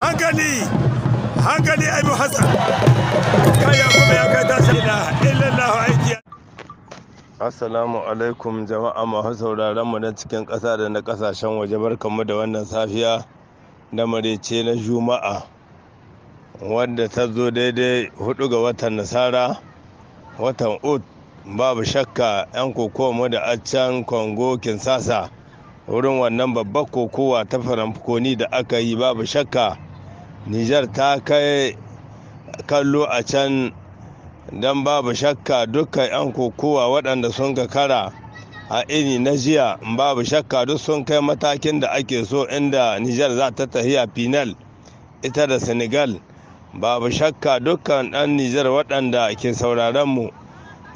hankali hankali abu hassan kaya kuma ya kai tashi na illallahu aiki assalamu alaikum jama'a masu sauraron mu na cikin ƙasa da na ƙasashen waje barkanmu da wannan safiya na marece na juma'a wadda ta zo daidai hudu ga watan nasara watan ut babu shakka 'yan kokowa da accan kongo kinsasa wurin wannan babbar kokowa ta faramkoni da aka yi babu shakka nijar ta kai kallo a can don babu shakka dukkan 'yan kokowa waɗanda sun ka kara a iri na jiya babu shakka duk sun kai matakin da ake so inda nijar za ta a final ita da senegal babu shakka dukkan ɗan nijar waɗanda ke sauraron mu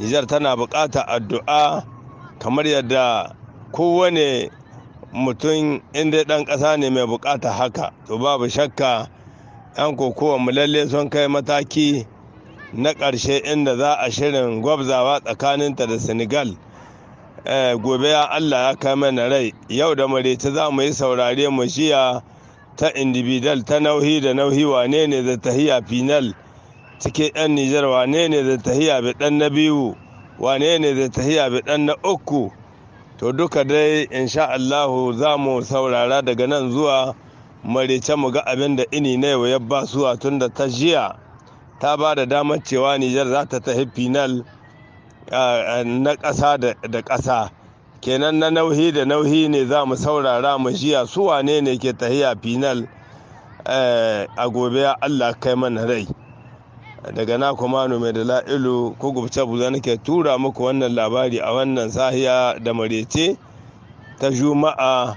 nijar tana buƙatar addu'a kamar yadda kowane mutum inda ɗan ƙasa ne mai buƙatar haka to babu shakka 'yan kokowa mu lalle sun kai mataki na ƙarshe inda za a shirin gwabzawa tsakaninta da senegal eh, gobe ya allah ya kai mana rai yau da marece za mu yi saurare mu jiya ta individual ta nauhi da nauhi wane ne da tahiya final cikin 'yan nijar wane ne da tahiya bi na biyu wane ne da tahiya bi na uku to duka dai insha allahu za mu saurara daga nan zuwa marece mu ga abin da ini na yau ya ba a tun da ta jiya ta ba da damar cewa nijar za ta tafi final na ƙasa da ƙasa kenan na nauhi da nauhi ne za mu saurara mu jiya su wane ne ke tahiya final a gobe allah kai mana rai daga na kuma mai da la'ilu ko gubce buza nake tura muku wannan labari a wannan sahiya da marece ta juma'a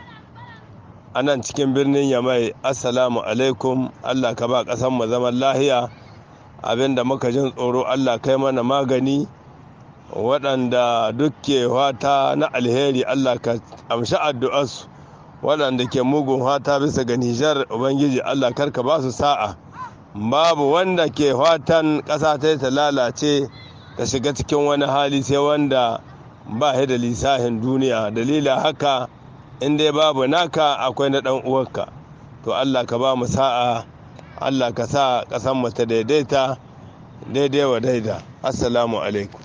A nan cikin birnin yamai assalamu alaikum allah ka ba kasan mu zaman lahiya abinda muka jin tsoro allah kai mana magani waɗanda dukke wata na alheri allah ka amshi addu'arsu waɗanda ke mugun wata bisa ga nijar ubangiji allah karka ba su sa'a babu wanda ke watan ƙasa ta ta lalace ta shiga cikin wani hali sai wanda ba da lisahin duniya dalila haka in dai babu naka akwai na ɗan uwanka to allah ka ba mu sa'a allah ka sa ƙasar mu ta daidaita daidai wa daida assalamu alaikum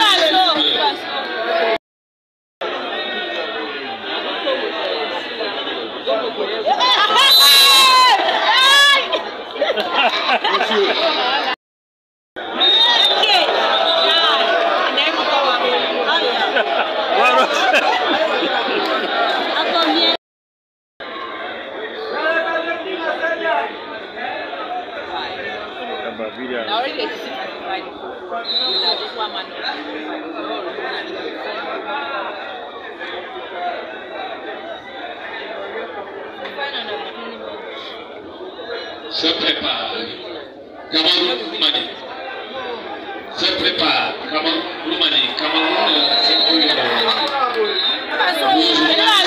you. Se prepara. Cameroun, Roumanie. Se prépare. Cameroun, Rumani. Cameroun, c'est pour euh, ah,